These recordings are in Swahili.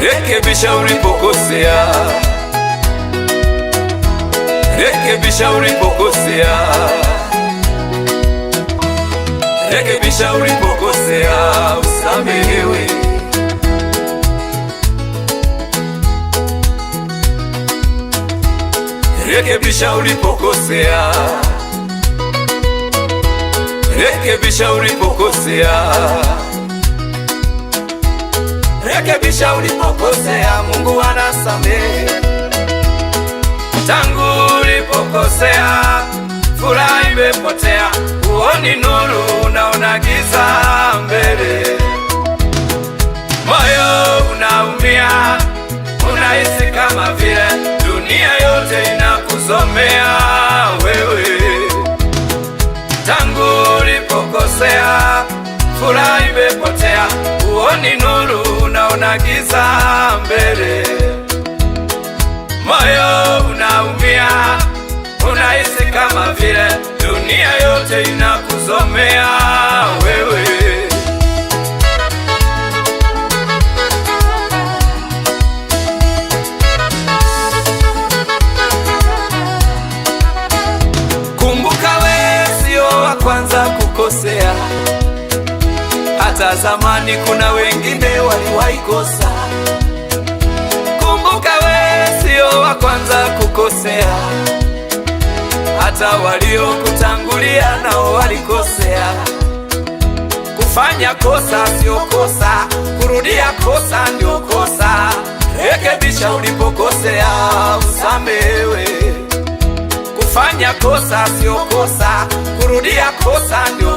rekebisha ulipokosea, rekebisha ulipokosea, rekebisha ulipokosea, usamehewe. Rekebisha ulipokosea, rekebisha ulipokosea Rekebisha ulipokosea, Mungu anasamehe. Tangu ulipokosea, furaha imepotea, huoni nuru, unaona giza mbele, moyo unaumia, unahisi kama vile dunia yote inakuzomea wewe. Tangu ulipokosea furaha imepotea, uoni nuru, unaona giza mbele, moyo unaumia, unahisi kama vile dunia yote inakuzomea wewe. Kumbuka we sio wa kwanza kukosea hata zamani kuna wengine kosa. Kumbuka we sio wa kwanza kukosea, hata waliokutangulia nao walikosea. Kufanya kosa sio kosa, kurudia kosa ndio kosa. Rekebisha ulipokosea, usamewe Kufanya kosa sio kosa, kurudia kosa ndio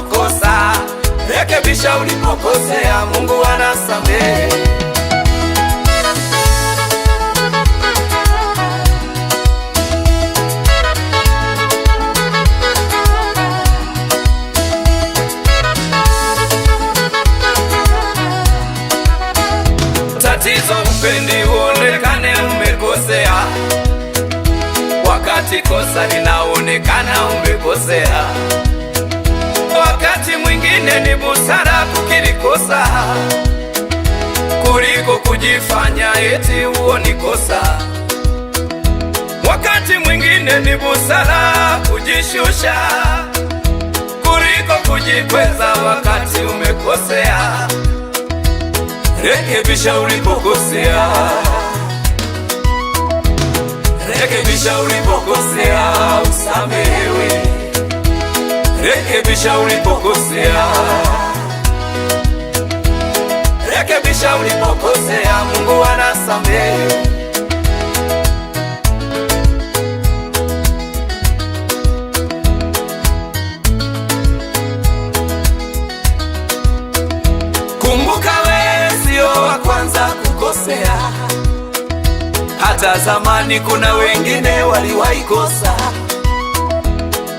Rekebisha ulipokosea, Mungu anasamehe. Tatizo upendi uonekane umekosea, wakati kosa linaonekana umekosea kosa kuliko kujifanya eti huo ni kosa. Wakati mwingine ni busara kujishusha kuliko kujikweza wakati umekosea. Rekebisha ulipokosea, rekebisha ulipokosea, usamehewe. Rekebisha ulipokosea Rekebisha ulipokosea, Mungu anasamehe. Kumbuka wewe sio wa kwanza kukosea, hata zamani kuna wengine waliwaikosa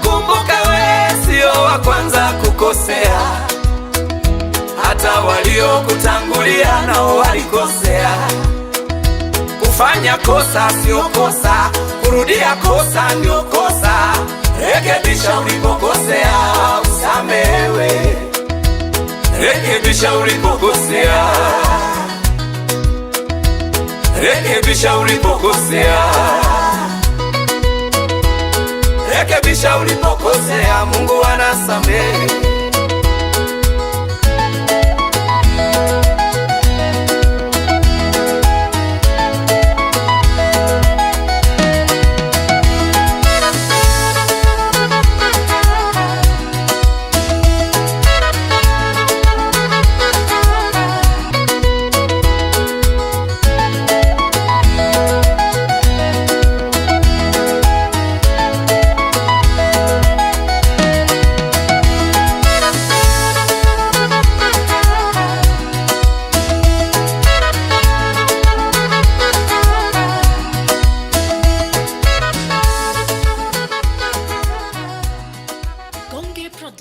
Kumbuka wewe sio wa kwanza kukosea hata waliokutangulia nao walikosea. Kufanya kosa sio kosa, kurudia kosa ndio kosa. Rekebisha ulipokosea, usamehewe. Rekebisha ulipokosea, rekebisha ulipokosea, rekebisha ulipokosea. Mungu anasamehe.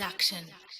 production.